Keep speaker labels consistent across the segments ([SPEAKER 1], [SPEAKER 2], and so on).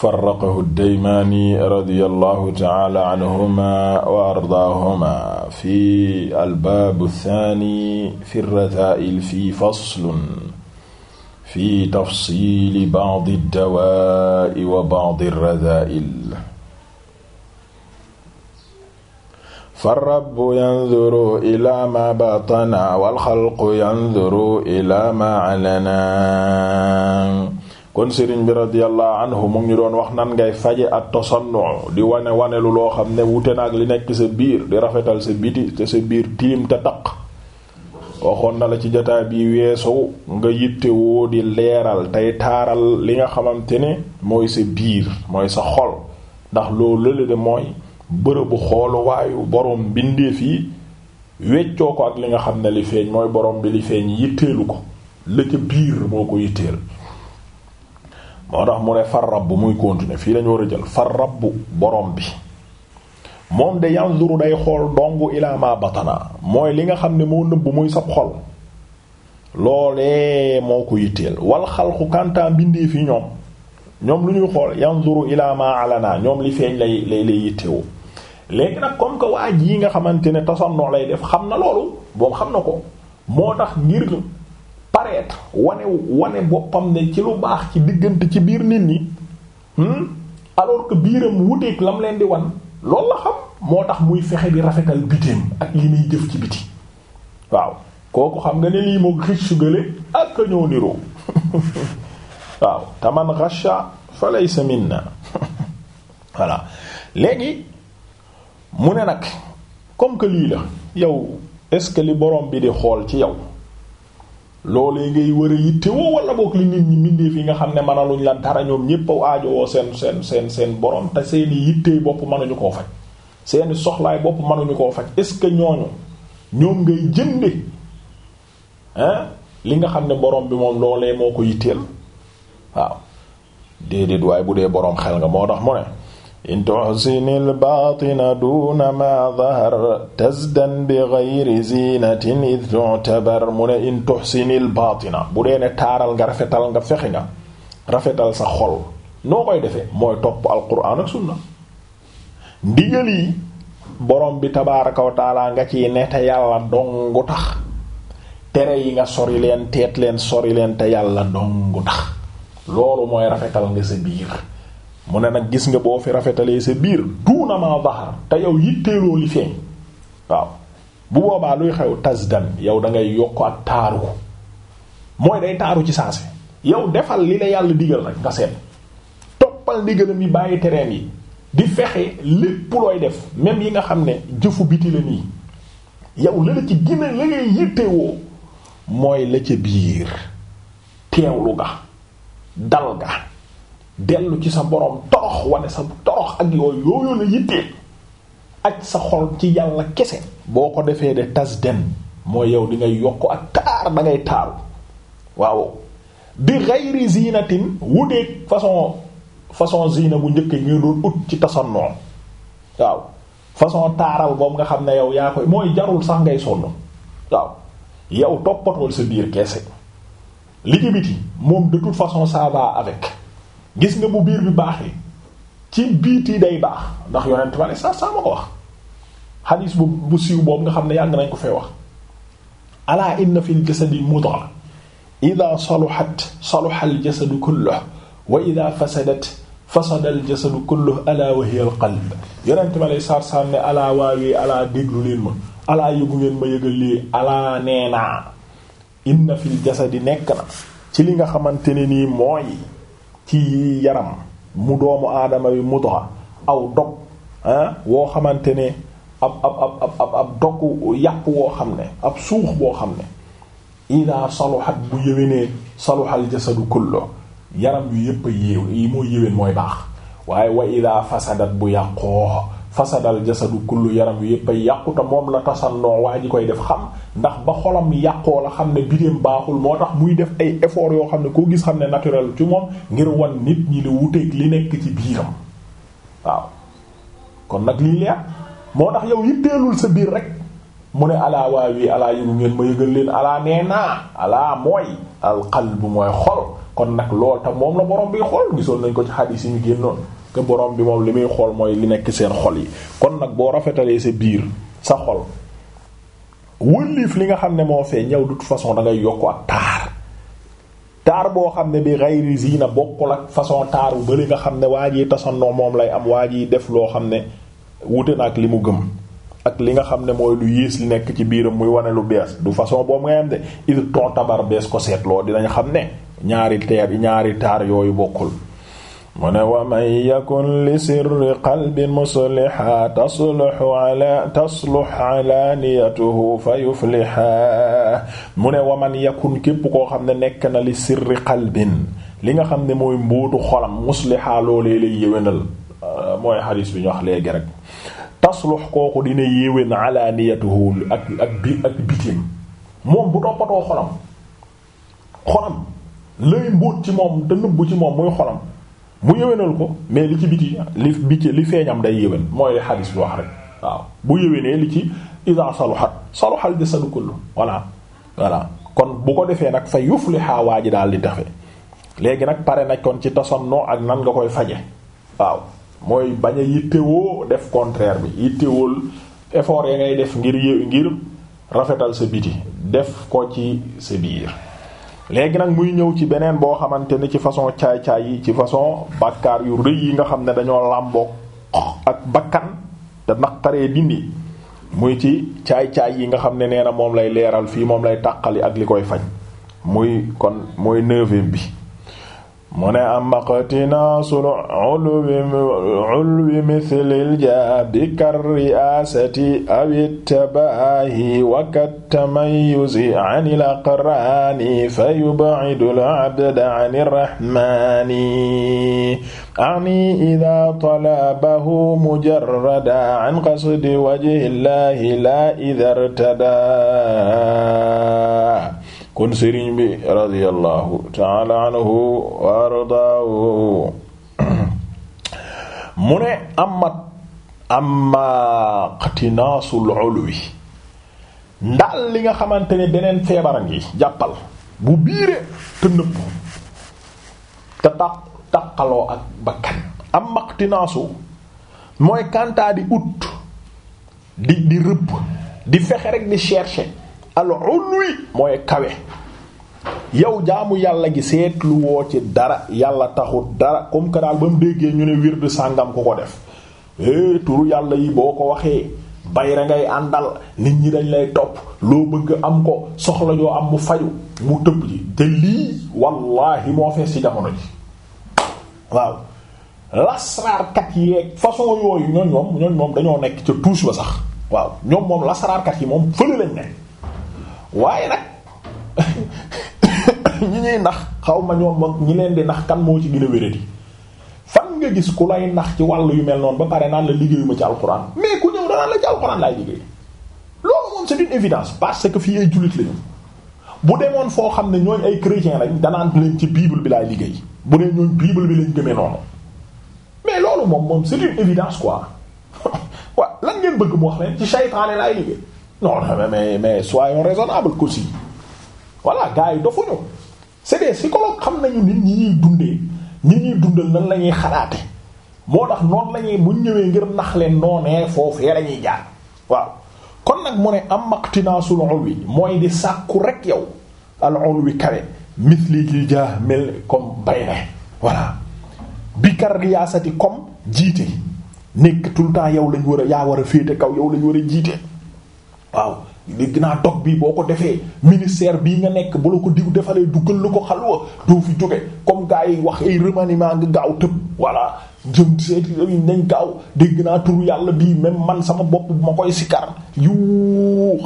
[SPEAKER 1] farraqahu daymaani radiyallahu ta'ala anhuma wa ardaahuma fi albaabu thaani fi rathaa'il fi faslun fi tafsiili ba'di dawaa'i wa ba'di rathaa'il farrabbu yanzuru ilaa maa batana wal xalqu yanzuru ilaa maa alana kon sëriñ bi radiyallahu anhu mu ngi ñu doon wax nan ngay faje at tasannu di wane waneelu loo xam ne wute ak li nekk sa biir di rafetal sa biti te sa biir tilim te taq waxoon na la ci jotaay bi weesu nga yitte woo di leeral tey taaral li nga xamante ne mooy sa biir mooy sa xol ndax loo lële mooy bërëbu xooluwaayu borom mbindeef yi weccoo ko ak li nga xam ne li feeñ mooy borom bi li feeñ yitteelu ko la ca biir moo ko yitteel moo tax mu ne far rabbu muy continuer fii lañu war a jël far rabbu borom bi moom de yanzuru day xool dong ilaa ma batana mooy li nga xam ne moo nëbb muy sab xol loolee moo ko yitteel wal xalqu kantaa mbindee fi ñoom ñoom lu ñuy xool yanzuru ilaa ma alana ñoom li feeñ lay lay lay yittewu léegi nag comme que waaj yi nga xamante ne tasanno lay def xam na loolu boobu xam na ko moo tax ngir paree wane wane boppam ne ci lu baax ci diggante ci biir nit ñi hmm? alors que biiram wuteeg lam leen di wan loolu la xam moo tax muy fexe bi rafetal bitim ak yi muy jëf ci biti waaw kooku xam nga ne lii moo su gële ak ka ñëw niroo waaw taman rasha fa laysa minna voilà léegi mu ne nag comme que lii la yow est-ce que li borom bi di xool ci yow loolee ngay war a yittewoo wala boog li nit ñi mbindeef yi nga xam ne mënaluñ la dara ñoom ñépp aw aajowoo seen seen seen seen borom te seeni yittee bopp mënuñu koo faj seeni soxlaay bopp mënuñu koo faj est ce que ñooñu ñoom ngay jënde ah li nga xam ne boroom bi moom loolee moo ko yitteel waaw déedéet waaye bu dee boroom xel nga moo tax mu ne. in tuxsinil baatina duuna maa dahar tasdan bi gayri zinatin id tu'tabar mu ne in tuxsinil baatina bu dee ne taaral nga rafetal nga fexe nga rafetal sa xol noo koy defee mooy topp alquran ak sunna ndigal borom bi tabaaraka wa nga ciy ne te yàlla dongu tax tere yi nga sori leen teet leen sori leen te yàlla dongu tax loolu mooy rafetal nga sa biir mu ne nag gis nga boo fi rafetalee sa biir duuna ma baxar te yow yitteeloo li feeñ waaw bu boobaa luy xew tasdan yow dangay yokk ak taaru mooy day taaru ci saa si yow defal li la yàlla digal nag nga seet toppal ndigalam yi bàyyi terrain yi di fexe lépp looy def même yi nga xam ne jëfu biti la nii yow la ci gina la yittewoo mooy la ca biir teewlu ga dal ga dellu ci sa borom torox wane sa torox ak yooyu yooyu la yitteel ak sa xol ci yàlla kese boo ko defee de tas dem mooy yow dingay ngay yokk ak taar da ngay taaru waaw bi gayri zinatin wudeeg façon façon zina bu njëkk ñu doon ut ci tasannoon waaw façon taaral boobu nga xam ne yow yaa koy mooy jarul sax ngay sonn waaw yow toppatool sa biir kese li ci biti moom de façon ça avec gis nga bu biir bi baaxee ci biiti day baax ndax yonent ma ne sa saa ma ko wax xadiis bu siiw boobu nga xam ne yàgg nañ ko fee wax alaa inna fil jasadi mudra ida saluhat saluha al jasadu kulluhu wa ida fasadat fasada al jasadu kulluhu alaa saar saar ne alaa waawee alaa déglu leen ma alaa yëgu ngeen ma yëgal alaa nee naa inna fil jasadi nekk na ci li nga xamante ne nii mooy ci yaram mu doomu aadama bi doxa aw dog ah woo xamante ne ab ab ab ab dog yàq woo xam ne ab suux boo xam ne ida saluhat bu yéwénee saluhal jasadu kullu yaram yu yépp a yéew yi mooy yéwén mooy baax waaye wa ida fasadat bu yàqoo fasadal jasadu kullu yaram wi yépp ay yàqu te moom la tasannoo waa ji koy def xam ndax ba xolam yàqoo la xam ne biréem baaxul moo tax muy def ay effort yoo xam ne koo gis xam ne naturel ci moom ngir wan nit ñi li wuteeg li nekk ci biiram waaw kon nag lii leer moo tax yow yitteelul sa biir rek mu ne alaa waawi alaa yëgu ngeen ma yëgal leen alaa nee naa alaa mooy bu mooy xol kon nag lool te moom la borom bi xol gisoon nañ ko ci xadiis yi ñu génnoon te boroom bi moom li muy xol mooy li nekk seen xol yi kon nag boo rafetalee sa biir sa xol wëlliif li nga xam ne moo fee ñëw de façon da ngay yokk ak taar taar boo xam ne bi gayri zina bokkul ak façon taar bu bari nga xam ne waa ji tasannoo moom lay am waa ji def loo xam ne wute na ak li mu gëm ak li nga xam ne mooy lu yiis li nekk ci biiram muy wane lu bees du façon boobu nga am de il ton tabar bees ko seetloo dinañ xam ne ñaari teer ñaari taar yooyu bokkul mu ne wa man yakun li sirri qalbi musliha tasluhu ala képp koo xam ne nekk na li sirri qalbin li nga xam ne mooy mbuutu xolam musliha loolee yéwénal euh, mooy xadiis bi ñu wax léegi rek taslux kooku dina yéwén alaaniyatuhu ak ak bi ak bitim moom bu ci moom te nëbbu ci moom muy xolam mu yéwénal ko mais li ci biti li li feeñam day yéwén mooy li xadis bi wax li ci iza saluxat saluxal jasadu kullu voilà kon bu ko defee nag fa yufliha waa ji daal di tafe léegi nag pare na kon ci tasanno ak nan nga koy faje waaw mooy bañ a yittewoo def contraire bi yittewool effort ya ngay def ngir ngir rafetal sa biti def ko ci sa biir léegi nag muy ñëw ci beneen boo xamante ni ci façon caay-caay yi ci façon bàkkaar yu rëy yi nga xam ne dañoo làmboo ak bakkan te naqaree dindi muy ci caay-caay yi nga xam ne nee na moom lay leeral fii moom lay tàqali ak li koy faj muy kon mooy neuvième bi mu ne am maqtinaasul ulwi mithlil ja bi kar riasati awit tabaahi wakat tamayyuzi anil aqraani fa yub'idul abda anir rahmaani ani idha talabahu mujarrada an qasdi wajhillahi la idha irtada kon sëriñ bi radiyallahu taala anhu wa ardaahu mu ne amat amma qtinaasul ulwi ndaal li nga xamante ne beneen feebaran yi jàppal bu biire te nëbb te taq taqaloo ak bakkan amma qtinaasu mooy kantaa di ut di di rëbb di fexe rek di chercher al ulwi mooy yàlla gi seetlu woo ci dara yàlla taxut dara comme ba mu ñu ne wird sàngam ku def é eh, yàlla yi boo ko waxee bayra ngay àndal nit ñi dañ lay topp loo bëgg am ko soxla yoo am mu faju mu tëb ji te lii wallaahi moo fees ci jamono waaw lasraarkat yeeg façon yooyu ñooñ moom ñooñ moom dañoo nekk ca tuus ba sax waaw ñoom moom lasraarkat yi moom fële lañ ne waaye nag ñi ñuy nax xaw ma ñoom ñi leen di nax kan moo ci gën a wéradi fan nga gis ku lay nax ci wàll yu mel noonu ba pare naan la liggéeyuma ci alxuraan mais ku ñëw danaan la ci alxuraan laay liggéey loolu moom c'est une évidence parce que fii ay jullit lañu bu demoon foo xam ne ñooñ ay chrétien rek danaan leen ci bible bi laay liggéey bu dee ñooñ bible bi lañ gëmee noonu mais loolu moom moom c'est une évidence quoi waaw lan ngeen bëgg mu wax leen ci saytaane laay liggéey non mais mais soyons raisonnables aussi voilà gars yi dofuñu c'est des psychologues xam nañu nit ñi ñuy dundee nit ñuy dundal nan lañuy ñuy xalaate moo tax noonu la mu buñ ñëwee ngir nax leen noonee foofu la ñuy jaar waaw kon nag mu ne am maqtinaasul ulwi mooy di sàkku rek yow al ulwi kawe misli gi jaa mel comme bay na voilà bi kar riyaasati comme jiite nekk tout yow lañ war a yaa war a féete kaw yow lañ war a jiite waaw dégg naa dog bii boo ko defee ministère bii nga nekk bu la ko diw defalee duggal lu ko xalwa doo fi jóge comme gars yi wax ay remaniement nga gaaw tëb voilà jëm seet nañ gaaw dégg naa turu yàlla bii même man sama bopp bu ma koy sikar yu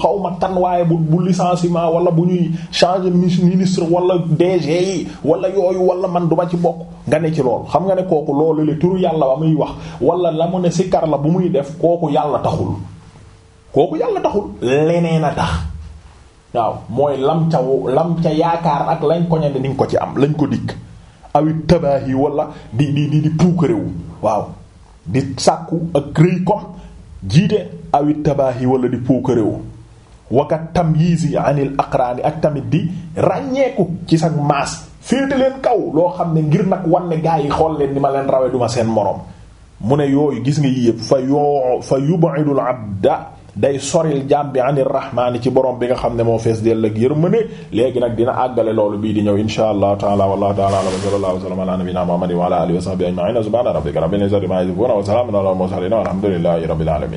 [SPEAKER 1] xaw ma tan waaye bu bu licenciement wala bu ñuy changer ministre wala DG yi wala yooyu wala man du ma ci bokk nga ne ci loolu xam nga ne kooku loolu le turu yàlla ba muy wax wala la mu ne sikar la bu muy def kooku yàlla taxul kooku yàlla taxul leneen a tax waaw mooy lam ca lam ca yaakaar ak lañ ko ñane ni ko ci am lañ ko dikk awit tabaahi wala di di di puukarewu waaw di sàkku ak rëy kom jiite awit tabaahi wala di puukarewu wakat tamyizi anil aqraani ak tamit di ràññeeku ci sag maas féete leen kaw loo xam ne ngir nag wan ne gaa yi xool leen ni ma leen rawe duma seen moroom mu ne yooyu gis nga yii fa yoo fa yub'idul abda day soril jaam bi anir rahmaani ci borom bi nga xam ne moo fees dell ak yërmande léegi nag dina àggale loolu bii di ñëw insha allahu taala wallahu taala wa sallallahu alayhi wa sallam muhammadin wa ala alihi wa sahbihi ajma'in subhana rabbika rabbil izzati amma yasifun wa salamun ala al mursalin walhamdulillahi rabbil alamin